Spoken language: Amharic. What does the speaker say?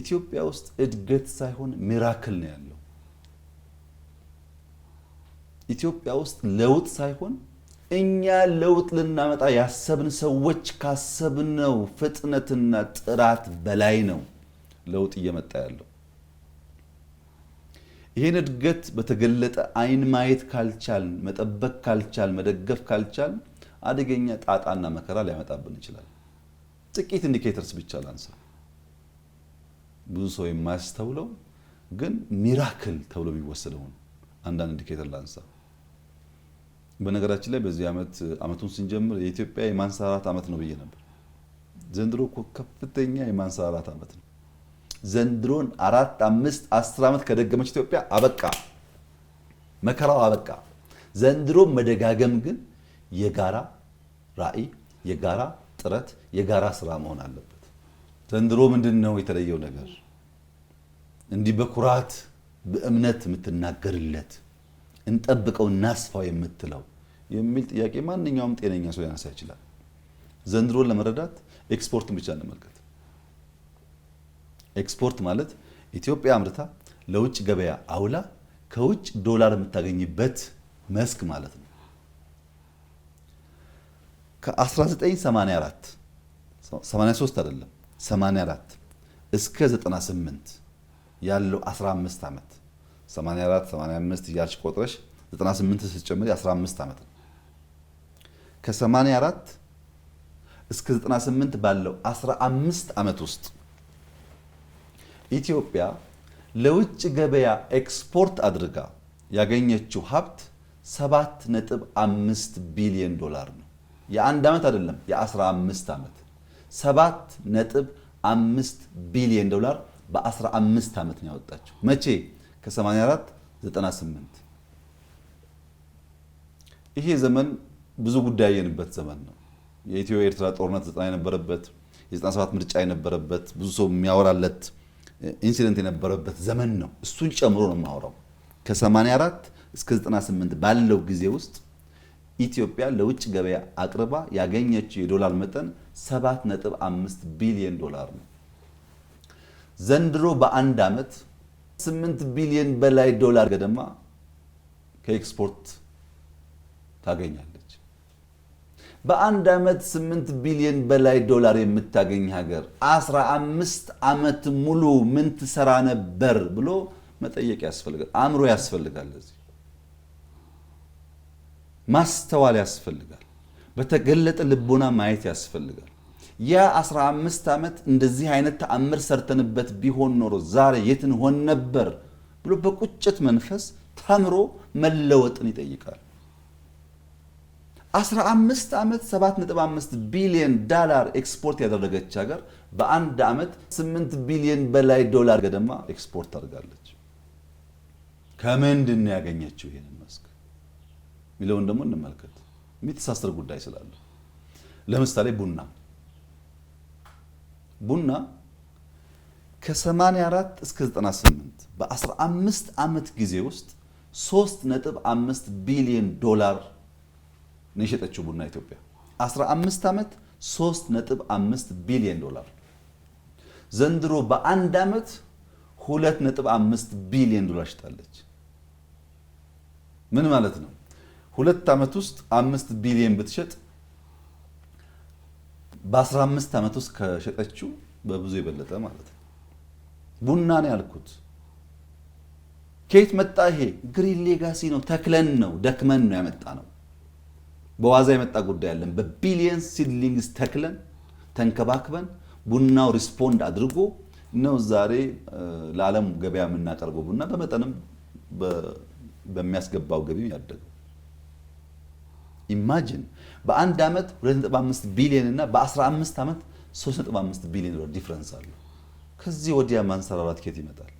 ኢትዮጵያ ውስጥ እድገት ሳይሆን ሚራክል ነው ያለው። ኢትዮጵያ ውስጥ ለውጥ ሳይሆን እኛ ለውጥ ልናመጣ ያሰብን ሰዎች ካሰብነው ፍጥነትና ጥራት በላይ ነው ለውጥ እየመጣ ያለው። ይህን እድገት በተገለጠ አይን ማየት ካልቻልን፣ መጠበቅ ካልቻልን፣ መደገፍ ካልቻልን አደገኛ ጣጣና መከራ ሊያመጣብን ይችላል። ጥቂት ኢንዲኬተርስ ብቻ ላንሳ። ብዙ ሰው የማያስተውለው ግን ሚራክል ተብሎ የሚወሰደው ነው። አንዳንድ ኢንዲኬተር ላንሳ። በነገራችን ላይ በዚህ ዓመት ዓመቱን ስንጀምር የኢትዮጵያ የማንሰራራት ዓመት ነው ብዬ ነበር። ዘንድሮ እኮ ከፍተኛ የማንሰራራት ዓመት ነው። ዘንድሮን አራት አምስት አስር ዓመት ከደገመች ኢትዮጵያ አበቃ፣ መከራው አበቃ። ዘንድሮ መደጋገም ግን የጋራ ራዕይ፣ የጋራ ጥረት፣ የጋራ ስራ መሆን አለበት። ዘንድሮ ምንድን ነው የተለየው ነገር? እንዲህ በኩራት በእምነት የምትናገርለት እንጠብቀው እናስፋው የምትለው የሚል ጥያቄ ማንኛውም ጤነኛ ሰው ያነሳ ይችላል። ዘንድሮን ለመረዳት ኤክስፖርትን ብቻ እንመልከት። ኤክስፖርት ማለት ኢትዮጵያ አምርታ ለውጭ ገበያ አውላ ከውጭ ዶላር የምታገኝበት መስክ ማለት ነው። ከ1984 83 አይደለም 84 እስከ 98 ያለው 15 ዓመት 84 85 እያልሽ ቆጥረሽ 98 ስትጨምሪ 15 ዓመት ነው። ከ84 እስከ 98 ባለው 15 ዓመት ውስጥ ኢትዮጵያ ለውጭ ገበያ ኤክስፖርት አድርጋ ያገኘችው ሀብት 7.5 ቢሊዮን ዶላር ነው። የአንድ ዓመት አይደለም፣ የ15 ዓመት ሰባት ነጥብ አምስት ቢሊዮን ዶላር በ15 ዓመት ነው ያወጣቸው። መቼ? ከ84 98 ይሄ ዘመን ብዙ ጉዳይ ያየንበት ዘመን ነው። የኢትዮ ኤርትራ ጦርነት ዘጠና የነበረበት የ97 ምርጫ የነበረበት ብዙ ሰው የሚያወራለት ኢንሲደንት የነበረበት ዘመን ነው። እሱን ጨምሮ ነው የማወራው። ከ84 እስከ 98 ባለው ጊዜ ውስጥ ኢትዮጵያ ለውጭ ገበያ አቅርባ ያገኘችው የዶላር መጠን 7.5 ቢሊዮን ዶላር ነው። ዘንድሮ በአንድ ዓመት 8 ቢሊዮን በላይ ዶላር ገደማ ከኤክስፖርት ታገኛለች። በአንድ ዓመት 8 ቢሊዮን በላይ ዶላር የምታገኝ ሀገር 15 ዓመት ሙሉ ምን ትሰራ ነበር ብሎ መጠየቅ ያስፈልጋል። አእምሮ ያስፈልጋል። ለዚህ ማስተዋል ያስፈልጋል። በተገለጠ ልቦና ማየት ያስፈልጋል። ያ 15 ዓመት እንደዚህ አይነት ተአምር ሰርተንበት ቢሆን ኖሮ ዛሬ የት እንሆን ነበር ብሎ በቁጭት መንፈስ ተምሮ መለወጥን ይጠይቃል። 15 ዓመት 7.5 ቢሊዮን ዳላር ኤክስፖርት ያደረገች ሀገር በአንድ ዓመት 8 ቢሊዮን በላይ ዶላር ገደማ ኤክስፖርት አድርጋለች። ከምንድን ያገኘችው ይህንን መስክ? የሚለውን ደግሞ እንመልከት። የሚተሳሰር ጉዳይ ስላለ ለምሳሌ ቡና ቡና ከ84 እስከ 98 በ15 ዓመት ጊዜ ውስጥ 3.5 ቢሊዮን ዶላር ነው የሸጠችው ቡና ኢትዮጵያ። 15 ዓመት 3.5 ቢሊዮን ዶላር። ዘንድሮ በአንድ ዓመት 2.5 ቢሊዮን ዶላር ሽጣለች። ምን ማለት ነው? ሁለት ዓመት ውስጥ አምስት ቢሊየን ብትሸጥ በ15 ዓመት ውስጥ ከሸጠችው በብዙ የበለጠ ማለት ነው። ቡና ነው ያልኩት። ከየት መጣ ይሄ? ግሪን ሌጋሲ ነው። ተክለን ነው ደክመን ነው ያመጣ ነው። በዋዛ የመጣ ጉዳይ አለን። በቢሊየን ሲድሊንግስ ተክለን ተንከባክበን ቡናው ሪስፖንድ አድርጎ ነው ዛሬ ለዓለም ገበያ የምናቀርበው ቡና በመጠንም በሚያስገባው ገቢም ያደገው ኢማጂን በአንድ ዓመት 2.5 ቢሊዮን እና በ15 ዓመት 3.5 ቢሊዮን ዶላር ዲፍረንስ አለው። ከዚህ ወዲያ ማንሰራራት ኬት ይመጣል?